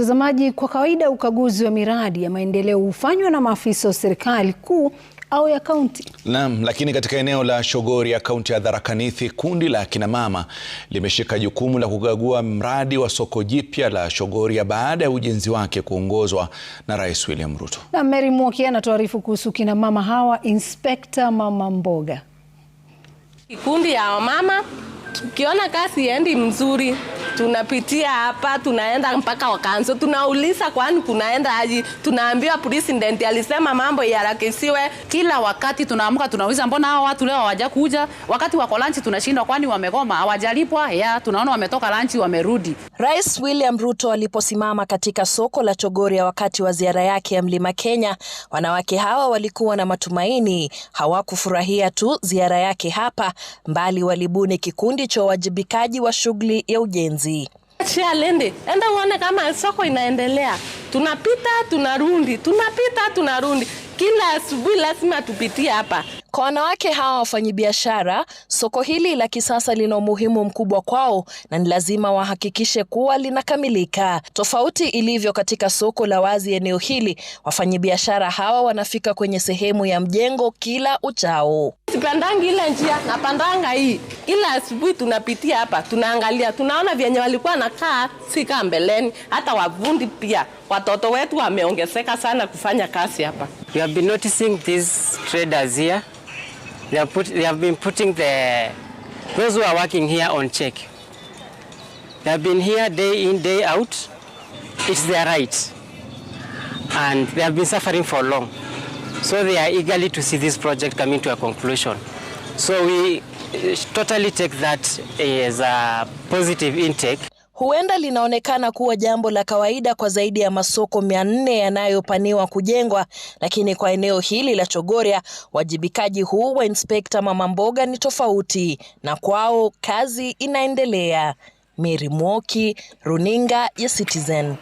Mtazamaji, kwa kawaida ukaguzi wa miradi ya maendeleo hufanywa na maafisa wa serikali kuu au ya kaunti. Naam, lakini katika eneo la Shogori ya kaunti ya Tharaka Nithi, kundi la kina mama limeshika jukumu la kukagua mradi wa soko jipya la Shogoria baada ya ujenzi wake kuongozwa na Rais William Ruto. Na Mary Mwoki anatuarifu kuhusu kina mama hawa, Inspekta Mama Mboga. Kikundi ya wamama tukiona kazi endi mzuri tunapitia hapa, tunaenda mpaka wakanzo, tunauliza kwani kunaenda aji, tunaambiwa president alisema mambo yarakisiwe. Kila wakati tunaamka tunauliza, mbona hao watu leo kuja Wakati wako lunch tunashindwa, kwani wamegoma? Hawajalipwa? ya tunaona wametoka lunch wamerudi. Rais William Ruto aliposimama katika soko la Chogoria wakati wa ziara yake ya Mlima Kenya, wanawake hawa walikuwa na matumaini. Hawakufurahia tu ziara yake hapa, mbali walibuni kikundi cha uwajibikaji wa shughuli ya ujenzi kazi. Achia enda uone kama soko inaendelea. Tunapita tunarundi, tunapita tunarundi, kila asubuhi lazima tupitie hapa. Kwa wanawake hawa wafanyabiashara, soko hili la kisasa lina umuhimu mkubwa kwao na ni lazima wahakikishe kuwa linakamilika. Tofauti ilivyo katika soko la wazi eneo hili, wafanyabiashara hawa wanafika kwenye sehemu ya mjengo kila uchao. Sipandangi ile njia, napandanga hii. Kila asubuhi tunapitia hapa, tunaangalia, tunaona vyenye walikuwa nakaa sika mbeleni, hata wavundi pia. Watoto wetu wameongezeka sana kufanya kazi hapa. We have been noticing these traders here. They have, put, they have been putting the, those who are working here on check. They have been here day in, day out. It's their right. And they have been suffering for long. So they are eagerly to see this project coming to a conclusion. So we eh, totally take that as a positive intake huenda linaonekana kuwa jambo la kawaida kwa zaidi ya masoko mia nne yanayopaniwa kujengwa, lakini kwa eneo hili la Chogoria wajibikaji huu wa Inspekta Mama Mboga ni tofauti, na kwao kazi inaendelea. Mary Mwoki, runinga ya Citizen.